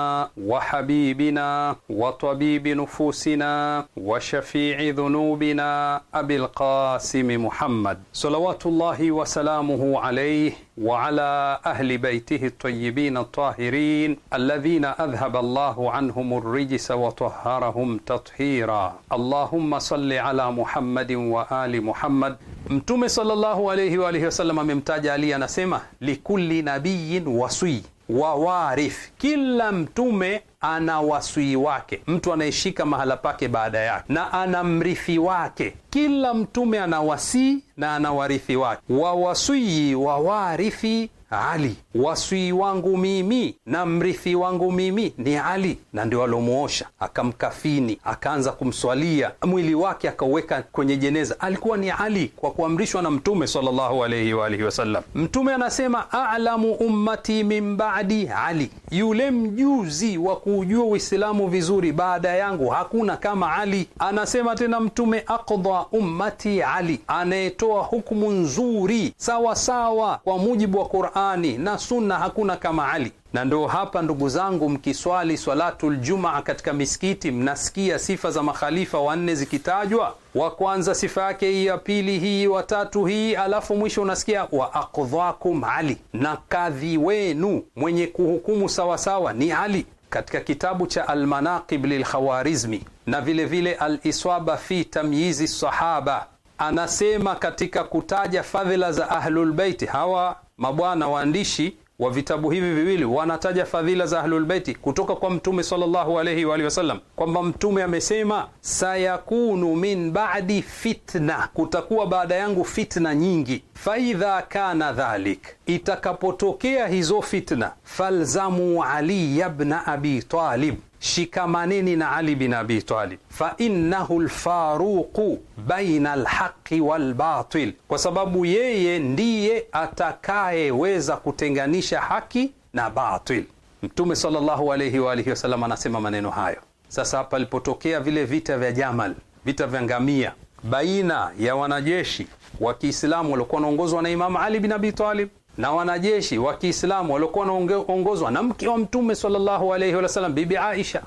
وحبيبنا وطبيب نفوسنا وشفيع ذنوبنا أبي القاسم محمد صلوات الله وسلامه عليه وعلى أهل بيته الطيبين الطاهرين الذين أذهب الله عنهم الرجس وطهرهم تطهيرا اللهم صل على محمد Muhammadin wa ali Muhammad. Mtume sallallahu alayhi wa alihi wasallam amemtaja Ali, anasema likulli nabiyin waswi wa warif, kila mtume ana wasii wake, mtu anayeshika mahala pake baada yake, na ana mrithi wake. Kila mtume ana wasii na ana warithi wake. wa Wawasii wa warithi ali, waswii wangu mimi na mrithi wangu mimi ni Ali, na ndio alomuosha akamkafini, akaanza kumswalia mwili wake akauweka kwenye jeneza. Alikuwa ni Ali kwa kuamrishwa na Mtume sallallahu alayhi wa alihi wasallam. Mtume anasema a'lamu ummati min ba'di Ali yule mjuzi wa kuujua Uislamu vizuri baada yangu hakuna kama Ali. Anasema tena Mtume, aqdha ummati Ali, anayetoa hukumu nzuri sawasawa kwa mujibu wa Qur'ani na Sunna, hakuna kama Ali. Na ndo hapa ndugu zangu, mkiswali swalatu ljumaa katika misikiti, mnasikia sifa za makhalifa wanne zikitajwa, wa kwanza sifa yake hii, ya pili hii, watatu hii, alafu mwisho unasikia wa aqdhakum Ali, na kadhi wenu mwenye kuhukumu sawasawa ni Ali, katika kitabu cha Almanaqib Lilkhawarizmi na vilevile Aliswaba fi tamyizi sahaba anasema katika kutaja fadhila za Ahlulbeiti hawa mabwana waandishi wa vitabu hivi viwili wanataja fadhila za ahlulbeiti kutoka kwa Mtume sallallahu alaihi wa alihi wasallam kwamba Mtume amesema, sayakunu min badi fitna, kutakuwa baada yangu fitna nyingi. Faidha kana dhalik, itakapotokea hizo fitna, falzamu aliya bna abi talib shikamaneni na Ali bin Abi Talib, fa innahu lfaruqu baina lhaqi walbatil, kwa sababu yeye ndiye atakayeweza kutenganisha haki na batil. Mtume sallallahu alayhi wa alihi wasallam anasema maneno hayo. Sasa hapa alipotokea vile vita vya Jamal, vita vya ngamia baina ya wanajeshi wa Kiislamu waliokuwa wanaongozwa na Imamu Ali bin Abi Talib na wanajeshi wa Kiislamu waliokuwa wanaongozwa na mke wa Mtume sallallahu alaihi wasallam, Bibi Aisha.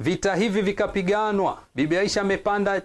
Vita hivi vikapiganwa, Bibi Aisha amepanda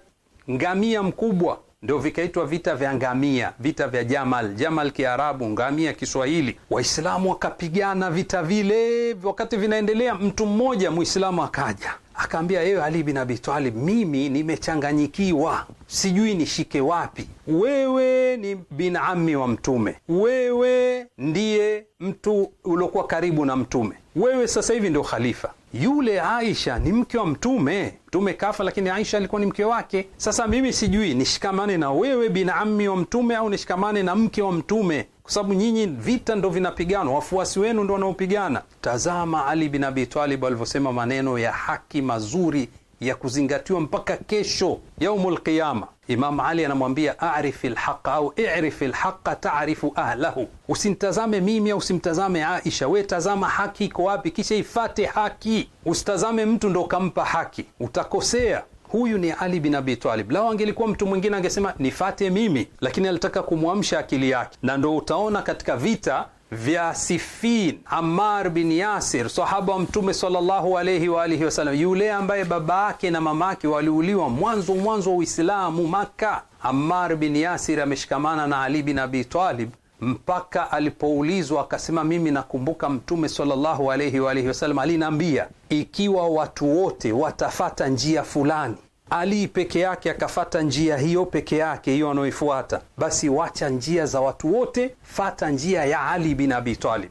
ngamia mkubwa, ndio vikaitwa vita vya ngamia, vita vya Jamal. Jamal Kiarabu, ngamia Kiswahili. Waislamu wakapigana vita vile, wakati vinaendelea, mtu mmoja Muislamu akaja Akaambia, ewe Ali bin Abi Talib, mimi nimechanganyikiwa, sijui nishike wapi. Wewe ni binami wa Mtume, wewe ndiye mtu uliokuwa karibu na Mtume, wewe sasa hivi ndio khalifa. Yule Aisha ni mke wa Mtume, Mtume kafa, lakini Aisha alikuwa ni mke wake. Sasa mimi sijui nishikamane na wewe binami wa Mtume au nishikamane na mke wa Mtume kwa sababu nyinyi vita ndo vinapiganwa, wafuasi wenu ndo wanaopigana. Tazama Ali bin Abi Talib alivyosema maneno ya haki mazuri ya kuzingatiwa mpaka kesho yaumu lqiama. Imam Ali anamwambia arifi lhaqa au irifi lhaqa tarifu ahlahu, usimtazame mimi au usimtazame Aisha, we tazama haki iko wapi, kisha ifate haki. Usitazame mtu ndo ukampa haki, utakosea huyu ni Ali bin Abi Talib. Lao angelikuwa mtu mwingine angesema nifate mimi, lakini alitaka kumwamsha akili yake, na ndo utaona katika vita vya Sifin, Ammar bin Yasir, sahaba wa Mtume sallallahu alayhi wa alihi wasallam, yule ambaye baba yake na mama ake waliuliwa mwanzo mwanzo wa Uislamu Makka. Ammar bin Yasir ameshikamana na Ali bin Abi Talib mpaka alipoulizwa akasema, mimi nakumbuka Mtume sallallahu alaihi waalihi wasallam aliniambia, ikiwa watu wote watafata njia fulani, Ali peke yake akafata njia hiyo peke yake, hiyo anaoifuata basi wacha njia za watu wote, fata njia ya Ali bin Abi Talib.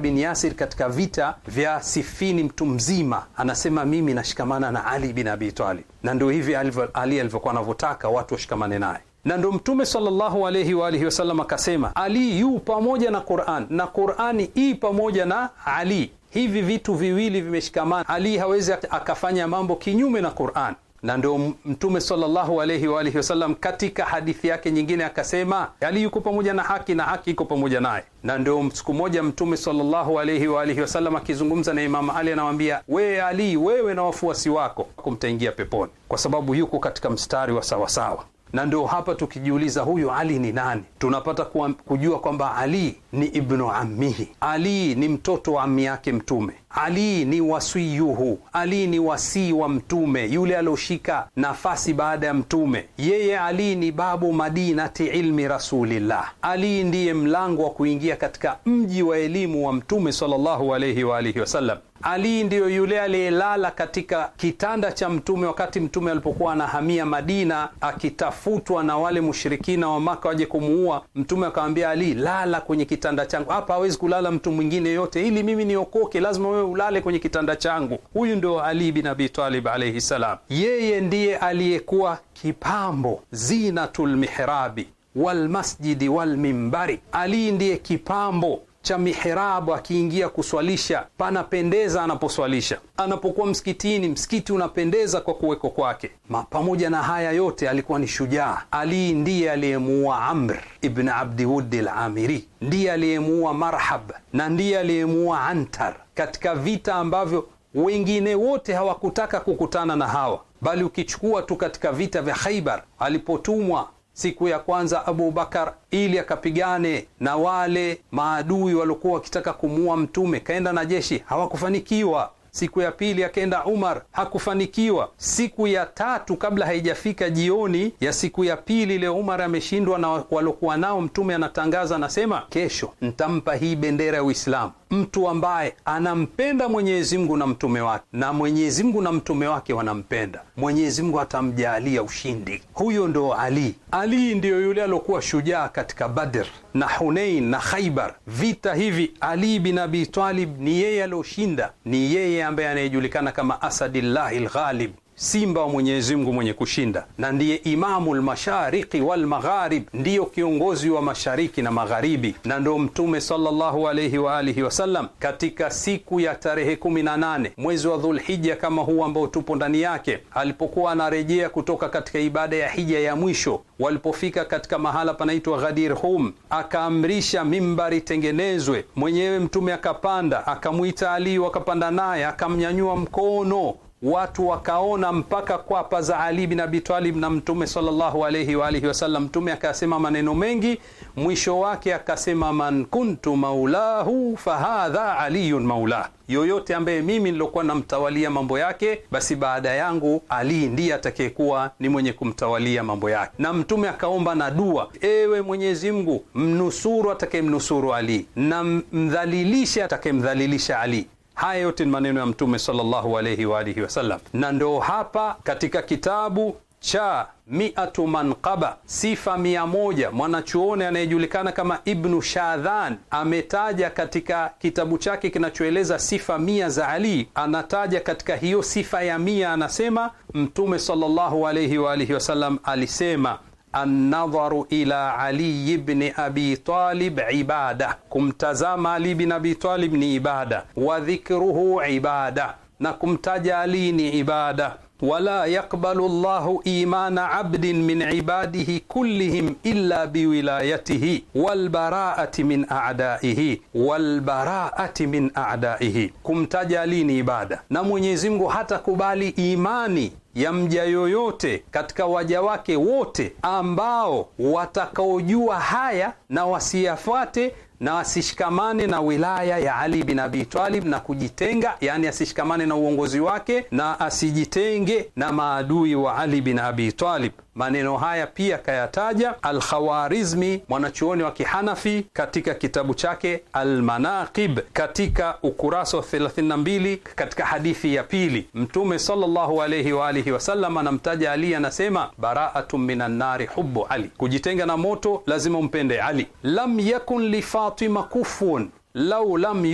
bin Yasir katika vita vya Sifini, mtu mzima anasema, mimi nashikamana na Ali bin Abi Talib, na ndio hivi Ali alivyokuwa anavyotaka watu washikamane naye na ndo Mtume sallallahu alayhi wa alihi wasallam akasema, Ali yu pamoja na Qur'an na Qur'ani i pamoja na Ali. Hivi vitu viwili vimeshikamana, Ali hawezi akafanya mambo kinyume na Qur'an. Na ndo Mtume sallallahu alayhi wa alihi wasallam katika hadithi yake nyingine akasema, Ali yuko pamoja na haki na haki iko pamoja naye. Na ndio siku moja Mtume sallallahu alayhi wa alihi wasallam akizungumza na Imamu Ali anamwambia, wewe Ali, wewe na wafuasi wako mtaingia peponi, kwa sababu yuko katika mstari wa sawasawa na ndio hapa tukijiuliza huyu Ali ni nani, tunapata kujua kwamba Ali ni ibnu ammihi, Ali ni mtoto wa ami yake Mtume, Ali ni wasiyuhu, Ali ni wasii wa Mtume, yule alioshika nafasi baada ya Mtume. Yeye Ali ni babu madinati ilmi rasulillah, Ali ndiye mlango wa kuingia katika mji wa elimu wa Mtume sallallahu alayhi wa alihi wasallam. Ali ndiyo yule aliyelala katika kitanda cha mtume wakati mtume alipokuwa anahamia Madina, akitafutwa na wale mushirikina wa Maka waje kumuua mtume. Akamwambia Ali, lala kwenye kitanda changu, hapa hawezi kulala mtu mwingine yote, ili mimi niokoke, lazima wewe ulale kwenye kitanda changu. Huyu ndio Ali bin Abi Talib alaihi salam. Yeye ndiye aliyekuwa kipambo, zinatul mihrabi walmasjidi walmimbari. Ali ndiye kipambo cha mihirabu akiingia kuswalisha, panapendeza anaposwalisha. Anapokuwa msikitini, msikiti unapendeza kwa kuweko kwake. Pamoja na haya yote, alikuwa ni shujaa. Ali ndiye aliyemuua Amr ibn Abdi lamiri amiri ndiye aliyemuua Marhab na ndiye aliyemuua Antar katika vita ambavyo wengine wote hawakutaka kukutana na hawa, bali ukichukua tu katika vita vya Khaibar alipotumwa siku ya kwanza Abu Bakar ili akapigane na wale maadui waliokuwa wakitaka kumuua Mtume, kaenda na jeshi hawakufanikiwa. Siku ya pili akaenda Umar, hakufanikiwa. Siku ya tatu, kabla haijafika jioni ya siku ya pili, leo Umar ameshindwa na waliokuwa nao. Mtume anatangaza anasema, kesho ntampa hii bendera ya Uislamu mtu ambaye anampenda Mwenyezi Mungu na mtume wake na Mwenyezi Mungu na mtume wake wanampenda, Mwenyezi Mungu atamjaalia ushindi. Huyo ndo Ali. Ali ndiyo yule aliokuwa shujaa katika Badr na hunein na Khaibar. Vita hivi Ali bin Abi Talib ni yeye alioshinda, ni yeye ambaye anayejulikana kama Asadillahi Lghalib simba wa Mwenyezi Mungu mwenye kushinda, na ndiye imamu lmashariki walmagharib, ndiyo kiongozi wa mashariki na magharibi. Na ndo Mtume sallallahu alayhi wa alihi wasallam katika siku ya tarehe nane mwezi wa Dhulhija kama huu ambao tupo ndani yake, alipokuwa anarejea kutoka katika ibada ya hija ya mwisho, walipofika katika mahala panaitwa Ghadir Hum, akaamrisha mimbari tengenezwe, mwenyewe Mtume akapanda, akamwita Ali, wakapanda naye, akamnyanyua mkono watu wakaona mpaka kwapa za Ali bin Abi Talib na Mtume sallallahu alayhi wa alihi wasallam. Mtume akasema maneno mengi, mwisho wake akasema man kuntu maulahu fahadha aliyun maulah, yoyote ambaye mimi nilokuwa namtawalia mambo yake, basi baada yangu Ali ndiye atakayekuwa ni mwenye kumtawalia mambo yake. Na Mtume akaomba na dua, ewe Mwenyezi Mungu, mnusuru atakayemnusuru Ali na mdhalilishe atakayemdhalilisha Ali. Haya yote ni maneno ya Mtume sallallahu alayhi wa alihi wasallam, na ndo hapa katika kitabu cha miatu manqaba, sifa mia moja, mwanachuoni anayejulikana kama Ibnu Shadhan ametaja katika kitabu chake kinachoeleza sifa mia za Ali. Anataja katika hiyo sifa ya mia, anasema Mtume sallallahu alayhi wa alihi wasallam alisema Annadharu ila Ali ibn Abi Talib ibada, kumtazama Ali bin Abi Talib ni ibada. Wa dhikruhu ibada, na kumtaja Ali ni ibada wala yaqbalu llahu imana abdin min ibadihi kullihim illa biwilayatihi walbaraati min adaihi walbaraati min adaihi, kumtaja lii ibada, na Mwenyezi Mungu hatakubali imani ya mja yoyote katika waja wake wote ambao watakaojua haya na wasiyafate na asishikamane na wilaya ya Ali bin Abi Talib na kujitenga, yani asishikamane na uongozi wake na asijitenge na maadui wa Ali bin Abi Talib. Maneno haya pia kayataja Alkhawarizmi, mwanachuoni wa Kihanafi, katika kitabu chake Almanaqib katika ukurasa wa 32 katika hadithi ya pili, Mtume sallallahu alayhi wa alihi wasallam anamtaja Ali, anasema baraatun minan nari hubu Ali, kujitenga na moto lazima umpende Ali. Lam yakun lifatima kufun lau lam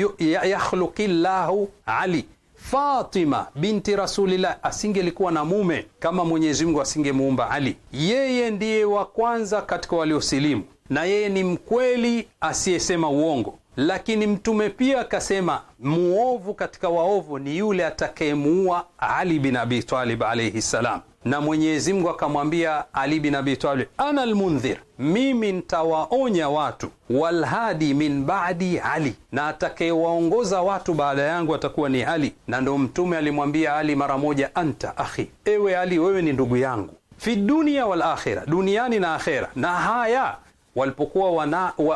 yakhluqi llahu Ali Fatima binti Rasulillah asingelikuwa na mume kama Mwenyezi Mungu asingemuumba Ali. Yeye ndiye wa kwanza katika waliosilimu, na yeye ni mkweli asiyesema uongo. Lakini mtume pia akasema, muovu katika waovu ni yule atakayemuua Ali bin Abi Talib ssalam na Mwenyezi Mungu akamwambia Ali bin Abi Talib, ana almundhir, mimi nitawaonya watu, walhadi min ba'di Ali, na atakayewaongoza watu baada yangu atakuwa ni Ali. Na ndo Mtume alimwambia Ali mara moja, anta akhi, ewe Ali, wewe ni ndugu yangu, fi dunia wal akhira, duniani na akhera. Na haya walipokuwa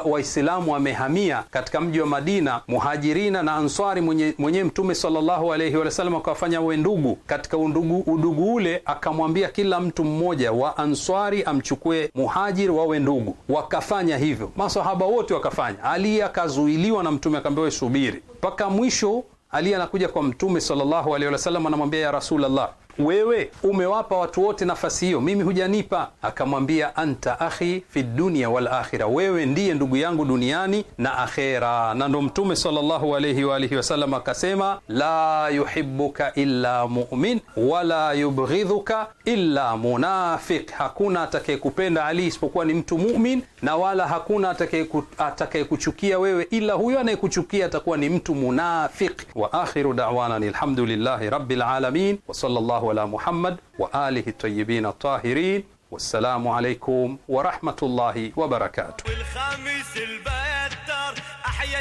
Waislamu wa, wamehamia katika mji wa Madina, muhajirina na answari mwenye, mwenye Mtume sallallahu alaihi wasallam akawafanya we ndugu katika undugu, udugu ule akamwambia kila mtu mmoja wa answari amchukue muhajiri wawe ndugu. Wakafanya hivyo, masahaba wote wakafanya. Ali akazuiliwa na Mtume akaambiwa subiri mpaka mwisho. Ali anakuja kwa Mtume sallallahu alaihi wasallam anamwambia ya Rasulullah wewe umewapa watu wote nafasi hiyo, mimi hujanipa. Akamwambia, anta akhi fi dunia wal akhira, wewe ndiye ndugu yangu duniani na akhera. Na ndo Mtume sallallahu wa alihi wasallam akasema, la yuhibuka illa mu'min wala yubghidhuka illa munafiq, hakuna atakayekupenda Ali isipokuwa ni mtu mu'min, na wala hakuna atakayekuchukia wewe ila huyo anayekuchukia atakuwa ni mtu munafiq. Wa akhiru da'wana alhamdulillahi rabbil alamin wa sallallahu وعلى محمد وآله الطيبين الطاهرين والسلام عليكم ورحمة الله وبركاته أحيا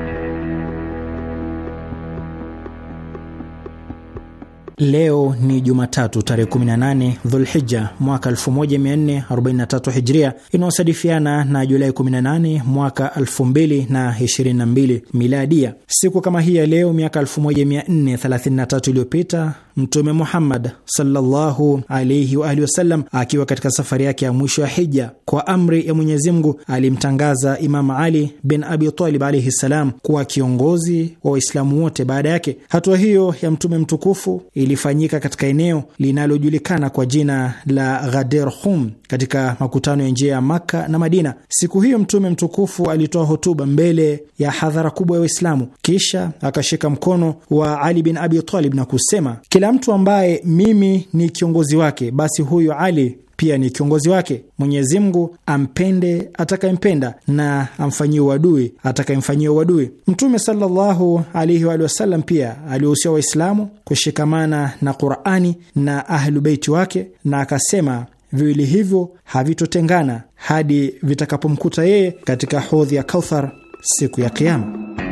Leo ni Jumatatu tarehe 18 Dhulhija mwaka 1443 Hijria, inayosadifiana na Julai 18 mwaka 2022 Miladia. Siku kama hii ya leo miaka 1433 iliyopita Mtume Muhammad sallallahu alaihi wa alihi wasallam akiwa katika safari yake ya mwisho ya hija, kwa amri ya Mwenyezi Mungu alimtangaza Imam Ali bin Abi Talib alaihi salam kuwa kiongozi wa Waislamu wote baada yake. Hatua hiyo ya mtume mtukufu ili ilifanyika katika eneo linalojulikana kwa jina la Ghader Hum katika makutano ya njia ya Makka na Madina. Siku hiyo Mtume mtukufu alitoa hotuba mbele ya hadhara kubwa ya Waislamu, kisha akashika mkono wa Ali bin Abi Talib na kusema, kila mtu ambaye mimi ni kiongozi wake, basi huyu Ali pia ni kiongozi wake. Mwenyezi Mungu ampende atakayempenda na amfanyie uadui atakayemfanyia uadui. Mtume sallallahu alaihi wa sallam pia aliwahusia Waislamu kushikamana na Qurani na Ahlubeiti wake na akasema viwili hivyo havitotengana hadi vitakapomkuta yeye katika hodhi ya Kauthar siku ya Kiama.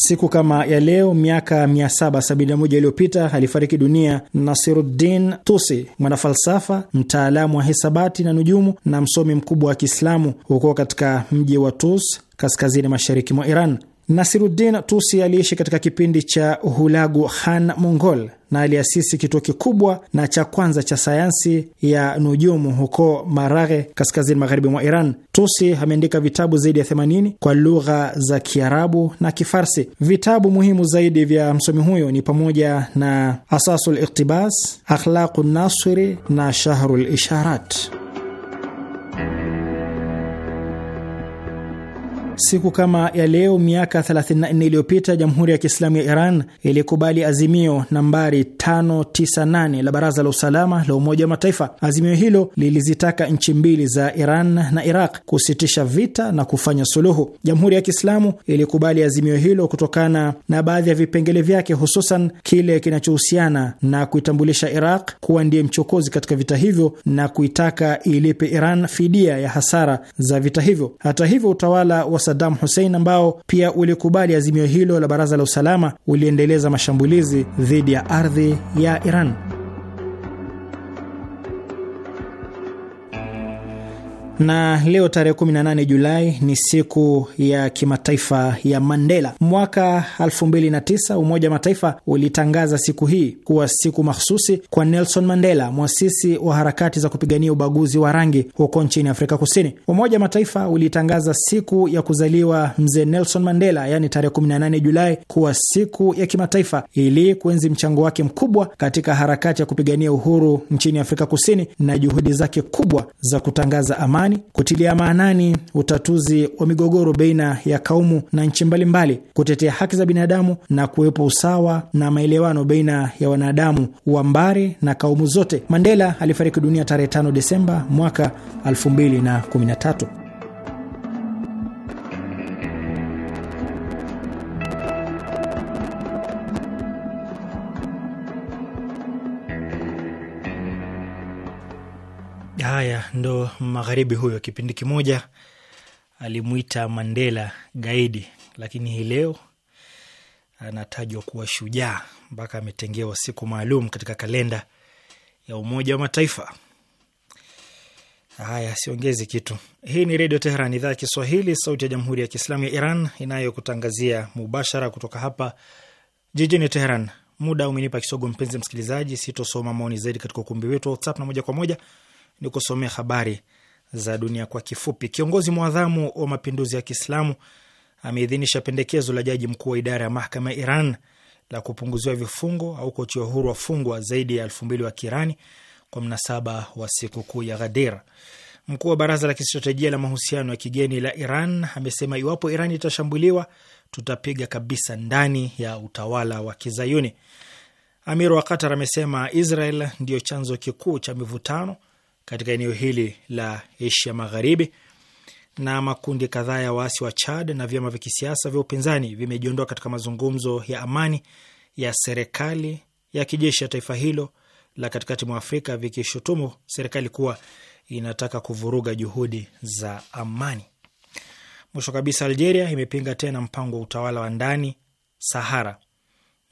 Siku kama ya leo miaka 771 iliyopita alifariki dunia Nasiruddin Tusi, mwanafalsafa, mtaalamu wa hisabati na nujumu na msomi mkubwa wa Kiislamu huko katika mji wa Tus kaskazini mashariki mwa Iran. Nasiruddin Tusi aliishi katika kipindi cha Hulagu Khan Mongol na aliasisi kituo kikubwa na cha kwanza cha sayansi ya nujumu huko Maraghe, kaskazini magharibi mwa Iran. Tusi ameandika vitabu zaidi ya 80 kwa lugha za Kiarabu na Kifarsi. Vitabu muhimu zaidi vya msomi huyo ni pamoja na Asasul Iktibas, Akhlaqu Nasiri na Shahrul Isharat. Siku kama ya leo miaka 34 iliyopita Jamhuri ya Kiislamu ya Iran ilikubali azimio nambari 598 la Baraza la Usalama la Umoja wa Mataifa. Azimio hilo lilizitaka nchi mbili za Iran na Iraq kusitisha vita na kufanya suluhu. Jamhuri ya Kiislamu ilikubali azimio hilo kutokana na baadhi ya vipengele vyake, hususan kile kinachohusiana na kuitambulisha Iraq kuwa ndiye mchokozi katika vita hivyo na kuitaka ilipe Iran fidia ya hasara za vita hivyo. Hata hivyo utawala wa Saddam Hussein ambao pia ulikubali azimio hilo la Baraza la Usalama uliendeleza mashambulizi dhidi ya ardhi ya Iran. na leo tarehe 18 Julai ni siku ya kimataifa ya Mandela. Mwaka 2009 Umoja wa Mataifa ulitangaza siku hii kuwa siku mahsusi kwa Nelson Mandela, mwasisi wa harakati za kupigania ubaguzi wa rangi huko nchini Afrika Kusini. Umoja wa Mataifa ulitangaza siku ya kuzaliwa mzee Nelson Mandela, yaani tarehe 18 Julai, kuwa siku ya kimataifa ili kuenzi mchango wake mkubwa katika harakati ya kupigania uhuru nchini Afrika Kusini na juhudi zake kubwa za kutangaza amani amani, kutilia maanani utatuzi wa migogoro baina ya kaumu na nchi mbalimbali, kutetea haki za binadamu na kuwepo usawa na maelewano baina ya wanadamu wa mbari na kaumu zote. Mandela alifariki dunia tarehe 5 Desemba mwaka 2013. Haya ndo magharibi huyo. Kipindi kimoja alimwita Mandela gaidi, lakini hii leo anatajwa kuwa shujaa mpaka ametengewa siku maalum katika kalenda ya Umoja wa Mataifa. Haya, siongezi kitu. Hii ni Redio Teheran, idhaa ya Kiswahili, sauti ya Jamhuri ya Kiislamu ya Iran, inayokutangazia mubashara kutoka hapa jijini Teheran. Muda umenipa kisogo, mpenzi msikilizaji, sitosoma maoni zaidi katika ukumbi wetu wa WhatsApp na moja kwa moja ni kusomea habari za dunia kwa kifupi. Kiongozi mwadhamu wa mapinduzi ya Kiislamu ameidhinisha pendekezo la jaji mkuu wa idara ya mahakama ya Iran la kupunguziwa vifungo au kuachiwa huru wafungwa zaidi ya elfu mbili wa Kiirani kwa mnasaba wa sikukuu ya Ghadir. Mkuu wa baraza la kistratejia la mahusiano ya kigeni la Iran amesema iwapo Iran itashambuliwa tutapiga kabisa ndani ya utawala wa Kizayuni. Amir wa Qatar amesema Israel ndiyo chanzo kikuu cha mivutano katika eneo hili la Asia Magharibi, na makundi kadhaa ya waasi wa Chad na vyama vya kisiasa vya upinzani vimejiondoa katika mazungumzo ya amani ya serikali ya kijeshi ya taifa hilo la katikati mwa Afrika, vikishutumu serikali kuwa inataka kuvuruga juhudi za amani. Mwisho kabisa, Algeria imepinga tena mpango wa utawala wa ndani Sahara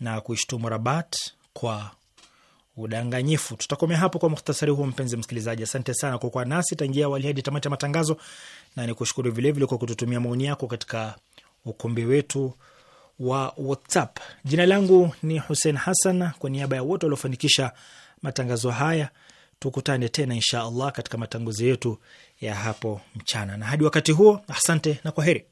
na kuishtumu Rabat kwa udanganyifu. Tutakomea hapo kwa muhtasari huo, mpenzi msikilizaji. Asante sana kwa kuwa nasi tangia awali hadi tamati ya matangazo, na ni kushukuru vilevile kwa kututumia maoni yako katika ukumbi wetu wa WhatsApp. Jina langu ni Hussein Hassan, kwa niaba ya wote waliofanikisha matangazo haya, tukutane tena insha Allah katika matangazo yetu ya hapo mchana, na hadi wakati huo, asante na kwa heri.